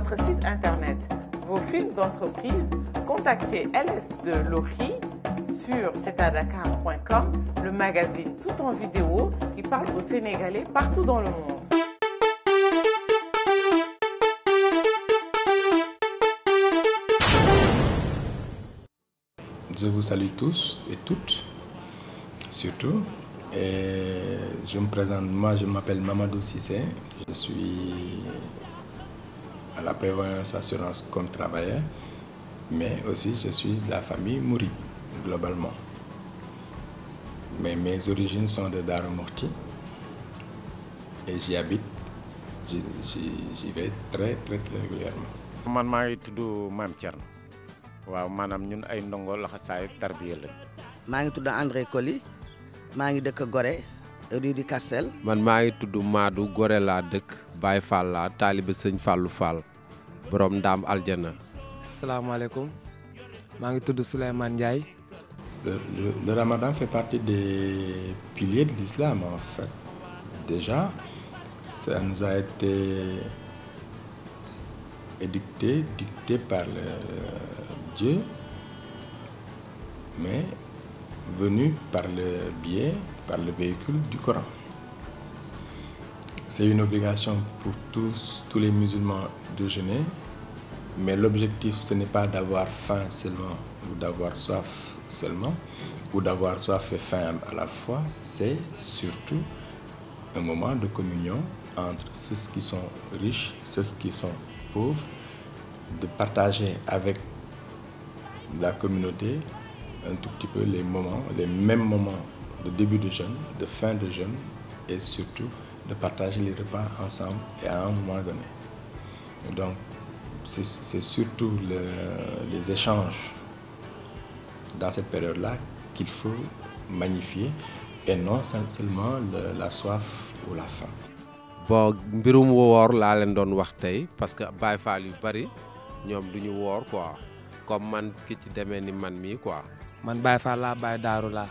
votre site internet, vos films d'entreprise, contactez LS de Laurie sur cetadakar.com, le magazine tout en vidéo qui parle aux Sénégalais partout dans le monde. Je vous salue tous et toutes, surtout. Et je me présente, moi je m'appelle Mamadou Sissé, je suis à la prévoyance euh, assurance comme travailleur, mais aussi je suis de la famille Mouri, globalement. Mais mes origines sont de Darumorti et j'y habite, j'y vais très très très régulièrement. man suis ngi tudd Je suis waaw suis ñun ay ndongo la. André Coli, je suis de rue du Castel. man maa ngi tudd Maadou Goré laa dëkk Baye Fall laa taaliba sëñ Fallou Fall borom ndaam aljana. asalaamaaleykum maa ngi tudd Souleymane Ndiaye. le Ramadan fait partie des piliers de l'islam en fait déjà ça nous a été édicté dicté par le euh, Dieu mais venu par le biais par le véhicule du Coran. C'est une obligation pour tous, tous les musulmans de jeûner, mais l'objectif ce n'est pas d'avoir faim seulement ou d'avoir soif seulement ou d'avoir soif et faim à la fois, c'est surtout un moment de communion entre ceux qui sont riches, ceux qui sont pauvres, de partager avec la communauté un tout petit peu les moments, les mêmes moments de début de jeûne, de fin de jeûne et surtout de partager les repas ensemble et à un moment donné. Donc, c'est surtout le, les échanges dans cette période-là qu'il faut magnifier et non seulement le, la soif ou la faim. bon mbirum woor vous leen doon wax parce que Bay Fall yu bari nous sommes ñu woor quoi comme man ki ci à ni man mii quoi. man Baye Fall laa Baye Daaru laa.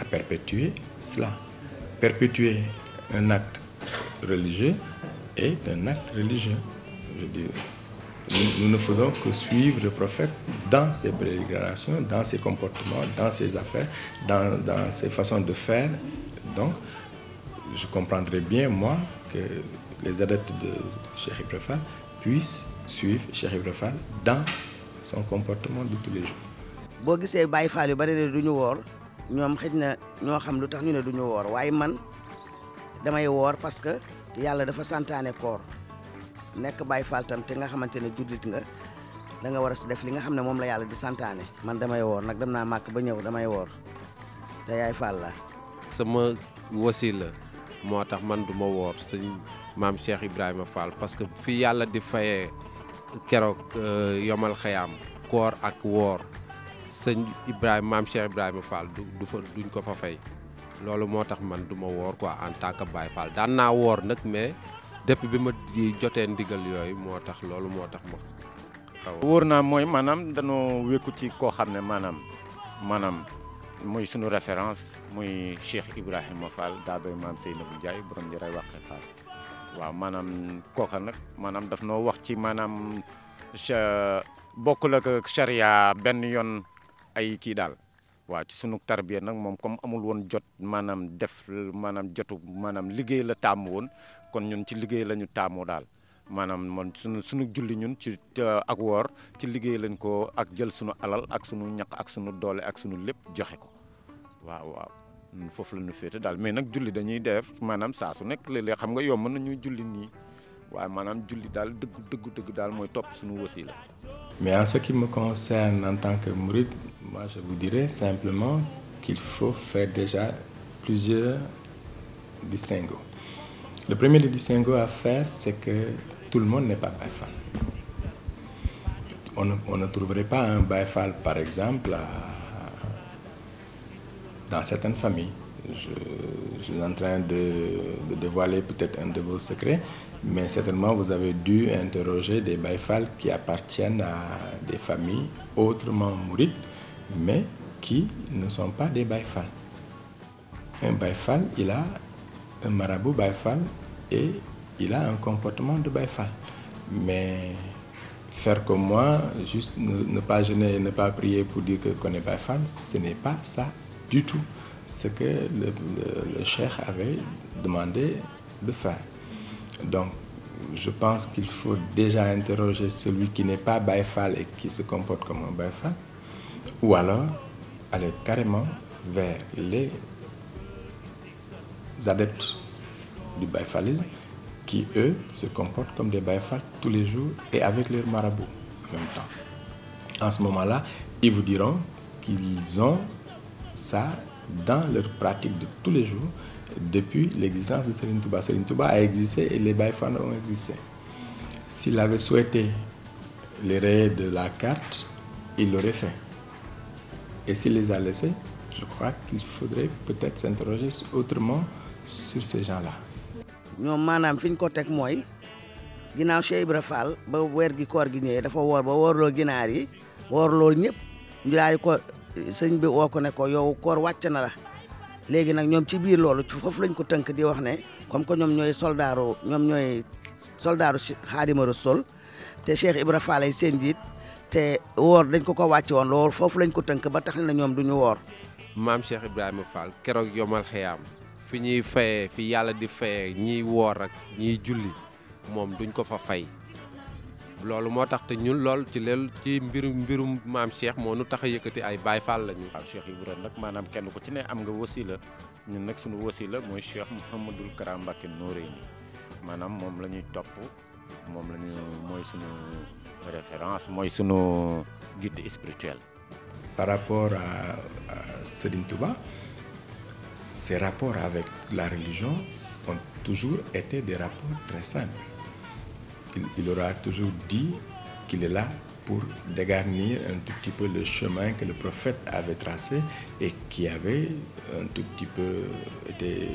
à perpétuer cela. Perpétuer un acte religieux est un acte religieux. Je dis, nous, ne faisons que suivre le prophète dans ses prédications, dans ses comportements, dans ses affaires, dans, dans ses façons de faire. Donc, je comprendrais bien, moi, que les adeptes de Cheikh Ibrahim puissent suivre Cheikh Ibrahim dans son comportement de tous les jours. ñoom xëj na ñoo xam lu tax ñu ne duñu woor waaye man damay woor parce que yàlla dafa santaane koor nekk bàyyi faltam te nga xamante ne jullit nga da nga war a si def li nga xam ne moom la yàlla di santaane. man damay woor nag dem naa màkk ba ñëw damay woor te yaay Fall la sama wasila moo tax man du ma woor sëñ maam Cheikh Ibrahima Fall parce que fi yàlla di fayee keroog euh, yomal xayaam koor ak woor. sëñ Ibrahima maam Cheikh Ibrahima Fall du du fa duñ ko fa fay loolu moo tax man du ma woor quoi en tant que Baye Fall daan naa woor nag mais depuis bi ma jotee ndigal yooyu moo tax loolu moo tax ma xaw wóor naa mooy maanaam danoo wékku ci koo xam ne maanaam maanaam muy suñu référence muy Cheikh Ibrahima Fall daa bay maam Seynabou Ndiaye borom njëray waxee Fall waaw maanaam kooka nag maanaam daf noo wax ci maanaam bokkul ak charia benn yoon ay kii daal waaw ci sunu tarbiya nag moom comme amul woon jot maanaam def manam jotu manam liggéey la taamu woon kon ñun ci liggéey la ñu taamoo daal maanaam man sunu sunu julli ñun ci ak woor ci liggéey lañ ko ak jël sunu alal ak sunu ñaq ak sunu doole ak sunu lépp joxe ko waaw waaw foofu la ñu féete daal mais nag julli dañuy def manam saa su nekk léeg-léeg xam nga yomb na ñuy julli nii waaye maanaam julli daal dëgg dëgg dëgg daal mooy topp sunu wasi la mais en ce qui me concerne en tant que mourid Moi, je vous dirais simplement qu'il faut faire déjà plusieurs distinguos. Le premier des distinguo à faire, c'est que tout le monde n'est pas Baïfal. On, ne trouverait pas un Baïfal, par exemple, dans certaines familles. Je, suis en train de, dévoiler peut-être un de vos secrets, mais certainement vous avez dû interroger des Baïfal qui appartiennent à des familles autrement mourites mais qui ne sont pas des baïfals. Un baïfal, il a un marabout baïfal et il a un comportement de baïfal. Mais faire comme moi, juste ne, pas jeûner ne pas prier pour dire qu'on est baïfal, ce n'est pas ça du tout. Ce que le, le, avait demandé de faire. Donc, je pense qu'il faut déjà interroger celui qui n'est pas baïfal et qui se comporte comme un baïfal ou alors aller carrément vers les adeptes du baïfalisme qui, eux, se comportent comme des Baifal tous les jours et avec leurs marabouts en même temps. En ce moment-là, ils vous diront qu'ils ont ça dans leur pratique de tous les jours depuis l'existence de Serine Touba. Serine Touba a existé et les ont existé. S'il avait souhaité les rayer de la carte, il l'aurait fait. Et s'il les a laissés, je crois qu'il faudrait peut-être s'interroger autrement sur ces gens-là. ñoom maanaam fi ñu ko teg mooy ginnaaw Cheikh Ibra Fall ba weer gi koor gi ñëwee dafa woor ba woorloo ginaar yi woorloo ñëpp ñu daal ko sëñ bi woo ko ne ko yow koor wàcc na la léegi nag ñoom ci biir loolu ci foofu lañ ko tënk di wax ne comme que ñoom ñooy soldaaru ñoom ñooy soldaaru Xaadimu Rasuul te Cheikh Ibra Fall ay seen jiit te woor dañ ko ko wàcc woon lool foofu lañ ko tënk ba tax na ñoom du woor. maam Cheikh Ibrahima Fall keroog yomal xeyaam fi ñuy fayee fi yàlla di fayee ñiy woor ak ñiy julli moom duñ ko fa fay. loolu moo tax te ñun lool ci leel ci mbirum mbirum maam Cheikh moo nu tax a yëkkati ay Baay Fall lañu. waaw Cheikh Ibrahima nag maanaam kenn ko ci ne am nga wasila ñun nag suñu wasila mooy Cheikh Mouhamadul Karam Mbacké Noreyni maanaam moom lañuy topp. moom la ñu mooy référence mooy guide spirituel. par rapport à, à Touba ses rapports avec la religion ont toujours été des rapports très simples il, aura toujours dit qu'il est là pour dégarnir un tout petit peu le chemin que le prophète avait tracé et qui avait un tout petit peu été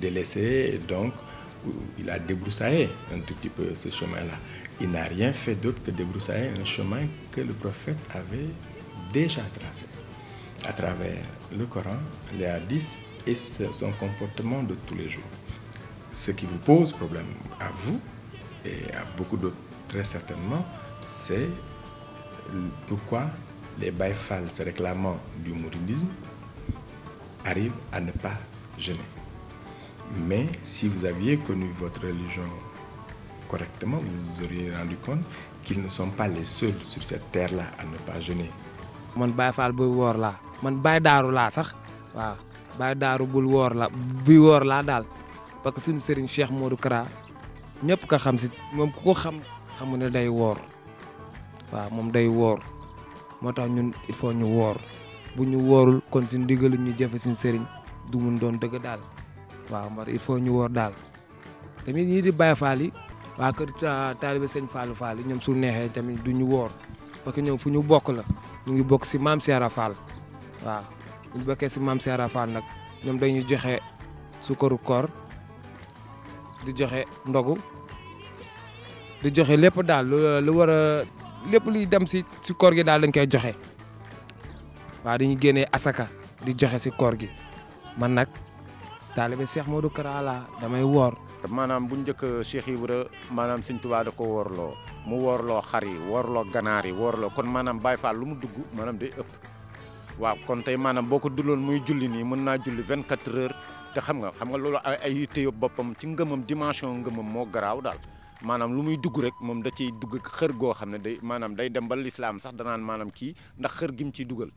délaissé donc il a débroussaillé un tout petit peu ce chemin-là. Il n'a rien fait d'autre que débroussailler un chemin que le prophète avait déjà tracé à travers le Coran, les hadiths et son comportement de tous les jours. Ce qui vous pose problème à vous et à beaucoup d'autres très certainement, c'est pourquoi les se réclamant du mouridisme arrivent à ne pas Gêner mais si vous aviez connu votre religion correctement, vous vous auriez rendu compte qu'ils ne sont pas les seuls sur cette terre-là à ne pas jeûner. man Baye Fall buy woor laa man Baye Daaru laa sax waaw Baye Daaru bul woor la buy woor laa daal parce que suñu sëriñ Cheikh Modou Kara ñëpp ko xam si moom ku ko xam xamu ne day woor waaw moom day woor moo ñun il faut ñu woor bu ñu woorul kon suñu ndigalu ñu jëfe suñu sëriñ du mun doon dëgg daal waaw mbar il faut ñu woor daal tamit ñii di Baye Fall waa kër euh, taalibe sëñ Fallou Fall ñoom su neexee tamit du ñu woor parce que ñoom fu ñu bokk la ñu ngi bokk si maam Seera Fall waaw bu ñu bokkee si maam Seera Fall nag ñoom dañuy joxe sukaru kor di joxe ndogu di joxe lépp daal lépp luy dem si si koor gi daal dañ koy joxe waa dañuy génnee asaka di joxe si kor gi man nag. taalibe Cheikh Modou Kara la damay woor. maanaam bu njëkk Cheikh Ibra maanaam Sëñ Tuubaa da ko woorloo mu woorloo xar yi woorloo ganaar yi woorloo kon maanaam baay Fall lu mu dugg maanaam day ëpp waaw kon tey maanaam boo ko dulloon muy julli nii mën naa julli 24 heures te xam nga xam nga loolu ay ay yitte boppam ci ngëmam dimension ngëmam moo garaaw daal maanaam lu muy dugg rek moom da ciy dugg xër goo xam ne day maanaam day dem ba lislaam sax danaan maanaam kii ndax xër gi mu ciy dugal.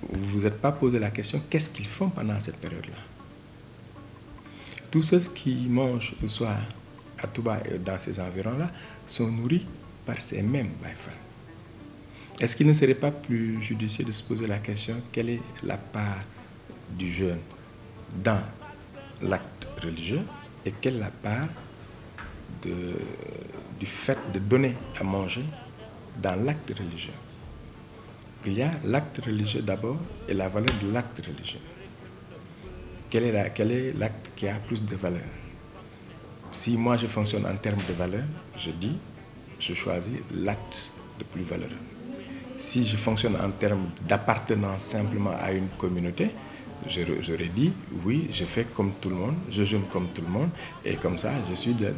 vous êtes pas posé la question qu'est-ce qu'ils font pendant cette période-là tous ceux qui mangent le soir à Touba et dans ces environs-là sont nourris par ces mêmes baïfans. Est-ce qu'il ne serait pas plus judicieux de se poser la question quelle est la part du jeune dans l'acte religieux et quelle est la part de du fait de donner à manger dans l'acte religieux. Il y a l'acte religieux d'abord et la valeur de l'acte religieux. Quel est, l'acte qui a plus de valeur Si moi je fonctionne en termes de valeur, je dis, je choisis l'acte le plus valeur. Si je fonctionne en termes d'appartenance simplement à une communauté, j'aurais dit oui, je fais comme tout le monde, je jeûne comme tout le monde, et comme ça, je suis de,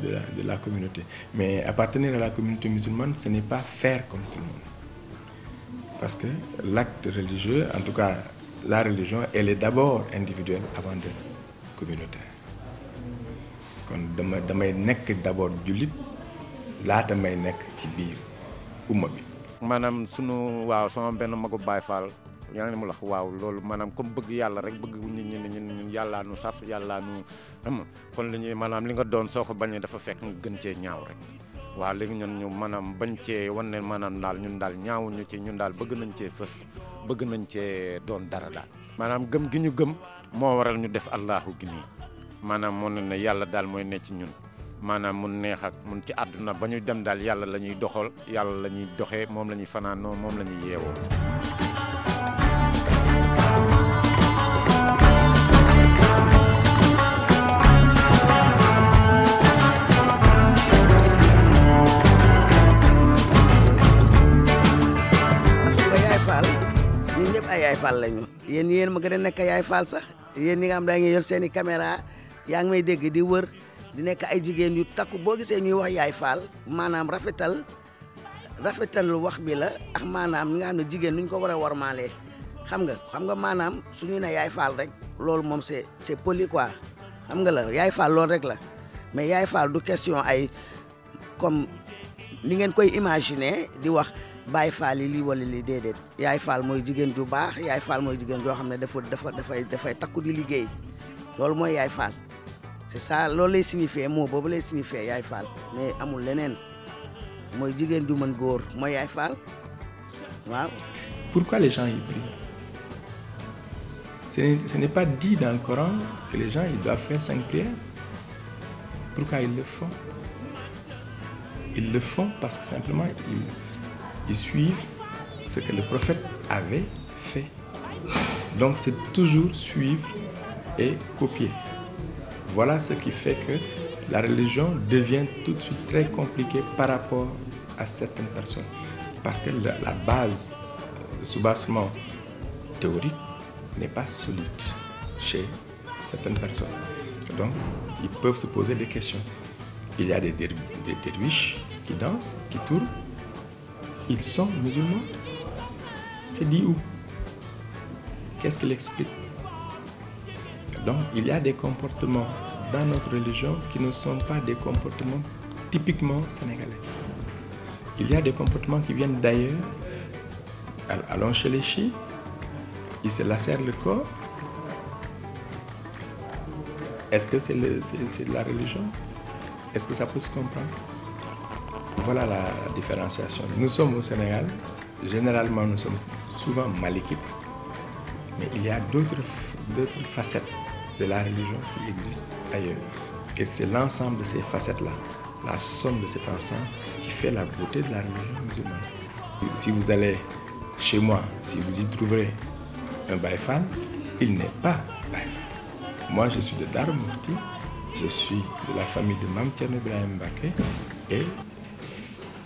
la, communauté. Mais appartenir à la communauté musulmane, ce n'est pas faire comme tout le monde. Parce que l'acte religieux, en tout cas la religion, elle est d'abord individuelle avant de communautaire. kon damay damay d'abord du suis may ci mobile. bi. Yang ngi ne mu mana manam loolu maanaam comme bëgg yàlla rek bëgg nit ñi nu saf yalla nu xam kon li donso maanaam li nga doon soo ko bañee dafa fekk nga gën cee ñaaw rek waaw léegi ñun ñu maanaam bañ cee wan ne dal daal dal daal ñaawuñu ci ñun dal bëgg nañ cee fës bëgg nañ cee doon dara dal maanaam gëm gi ñu gëm waral ñu def allahu gini manam maanaam ne ne yàlla daal ne ci ñun maanaam mun neex ak mun ci àdduna ba dem daal yàlla la ñuy doxal yàlla la ñuy doxee ñun ñëpp ay yaay faal lañu yéen yéen ma gën a nekk yaay fall sax yéen ñi nga xam da ngi yor seen i caméra yaa ngi may dégg di wër di nekk ay jigéen yu takku boo gisee ñuy wax yaay fall maanaam rafetal rafetal lu wax bi la ak maanaam nga xam ne jigéen nuñ ko war a warmaalee xam nga xam nga maanaam suñu ne yaay fall rek loolu moom c'est c'est poli quoi xam nga la yaay fall loolu rek la mais yaay fall du question ay comme ni ngeen koy imaginer di wax Baay Faal li wala li dedet Yaay Faal moy jigéen ju baax Yaay Faal mooy jigéen joo xam ne dafa dafa dafay dafay takku di liggéey lol moy Yaay Faal c'est ça loolu lay signifié moo boobu lay signifier Yaay Faal mais amul leneen moy jigéen ju mën góor mooy Yaay Faal waaw. Pourquoi les gens y prient Ce n'est pas dit dans le Coran que les gens ils doivent faire cinq prières. Pourquoi ils le font Ils le font parce que simplement ils suivre ce que le prophète avait fait. Donc c'est toujours suivre et copier. Voilà ce qui fait que la religion devient tout de suite très compliquée par rapport à certaines personnes. Parce que la, base, le soubassement théorique n'est pas solide chez certaines personnes. Donc, ils peuvent se poser des questions. Il y a des, des, qui dansent, qui tournent, ils sont musulmans C'est dit où Qu'est-ce qu'il explique Donc, il y a des comportements dans notre religion qui ne sont pas des comportements typiquement sénégalais. Il y a des comportements qui viennent d'ailleurs. Allons chez les chiens, ils se lacèrent le corps. Est-ce que c'est la religion Est-ce que ça peut se comprendre voilà la différenciation. Nous sommes au Sénégal, généralement nous sommes souvent mal équipés. Mais il y a d'autres facettes de la religion qui existent ailleurs. Et c'est l'ensemble de ces facettes-là, la somme de ces pensants, qui fait la beauté de la religion musulmane. Si vous allez chez moi, si vous y trouverez un baïfan, il n'est pas baïfan. Moi, je suis de Murti, je suis de la famille de Mamtiano Ibrahim Baké et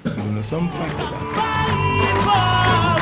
Nous ne sommes pas là.